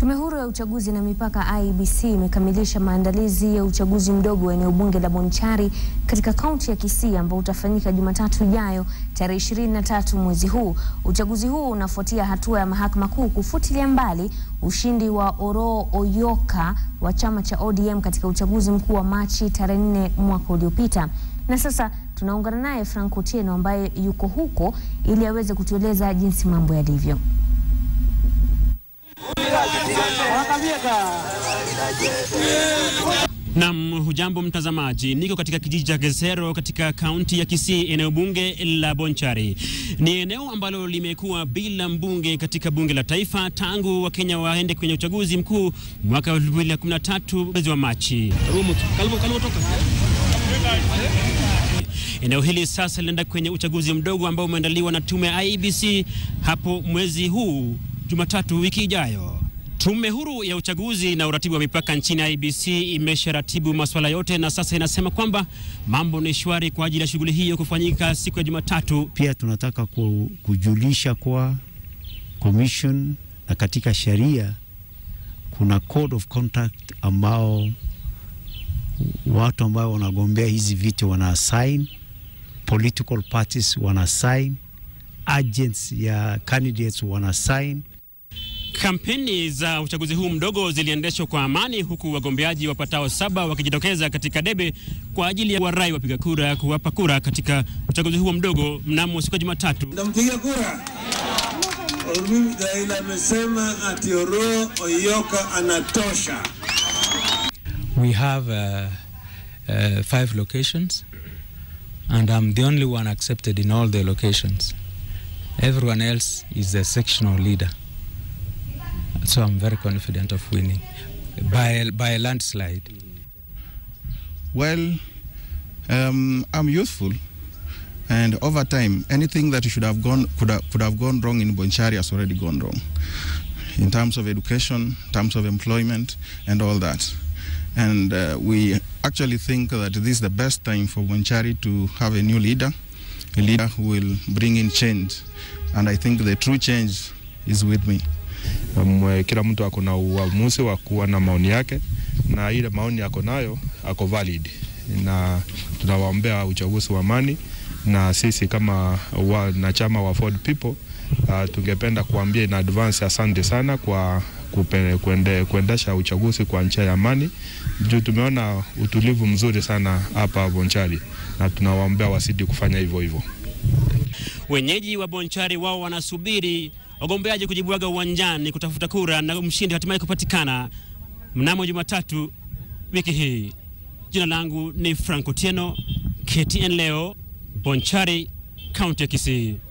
Tume Huru ya Uchaguzi na Mipaka IEBC imekamilisha maandalizi ya uchaguzi mdogo wa eneo bunge la Bonchari katika kaunti ya Kisii ambao utafanyika Jumatatu ijayo tarehe 23 mwezi huu. Uchaguzi huu unafuatia hatua ya Mahakama Kuu kufutilia mbali ushindi wa Oroo Oyoka wa chama cha ODM katika uchaguzi mkuu wa Machi tarehe 4 mwaka uliopita. Na sasa tunaungana naye Frank Otieno ambaye yuko huko ili aweze kutueleza jinsi mambo yalivyo. Nam, hujambo mtazamaji, niko katika kijiji cha Gesero katika kaunti ya Kisii, eneo bunge la Bonchari. Ni eneo ambalo limekuwa bila mbunge katika bunge la taifa tangu Wakenya waende kwenye uchaguzi mkuu mwaka 2013 mwezi wa Machi. Eneo hili sasa linaenda kwenye uchaguzi mdogo ambao umeandaliwa na tume ya IEBC hapo mwezi huu Jumatatu wiki ijayo. Tume huru ya uchaguzi na uratibu wa mipaka nchini IBC imesharatibu masuala yote na sasa inasema kwamba mambo ni shwari kwa ajili ya shughuli hiyo kufanyika siku ya Jumatatu. Pia tunataka kujulisha kwa commission na katika sheria kuna code of conduct ambao watu ambao wanagombea hizi viti wana assign, political parties wana assign, agents ya candidates wana assign Kampeni za uchaguzi huu mdogo ziliendeshwa kwa amani, huku wagombeaji wapatao saba wakijitokeza katika debe kwa ajili ya warai wapiga kura kuwapa kura katika uchaguzi huo mdogo mnamo siku ya Jumatatu. Mtampigia kura? Mimi Raila amesema ati Oro Oyoka anatosha. We have uh, uh, five locations and I'm the only one accepted in all the locations. Everyone else is a sectional leader. So I'm very confident of winning by, by a landslide. Well, um, I'm youthful. And over time, anything that should have gone could have, could have gone wrong in Bonchari has already gone wrong, in terms of education, terms of employment, and all that. And uh, we actually think that this is the best time for Bonchari to have a new leader, a leader who will bring in change. And I think the true change is with me. Mwe, kila mtu ako na uamuzi wa kuwa na maoni yake na ile maoni ako nayo ako valid, na tunawaombea uchaguzi wa amani. Na sisi kama wanachama wa Ford People uh, tungependa kuambia in advance asante sana kwa kuende, kuendesha uchaguzi kwa njia ya amani juu tumeona utulivu mzuri sana hapa Bonchari, na tunawaombea wasidi kufanya hivyo hivyo. Wenyeji wa Bonchari wao wanasubiri wagombeaji kujibwaga uwanjani kutafuta kura na mshindi hatimaye kupatikana mnamo Jumatatu wiki hii. Jina langu ni Franco Tieno, KTN Leo, Bonchari, kaunti ya Kisii.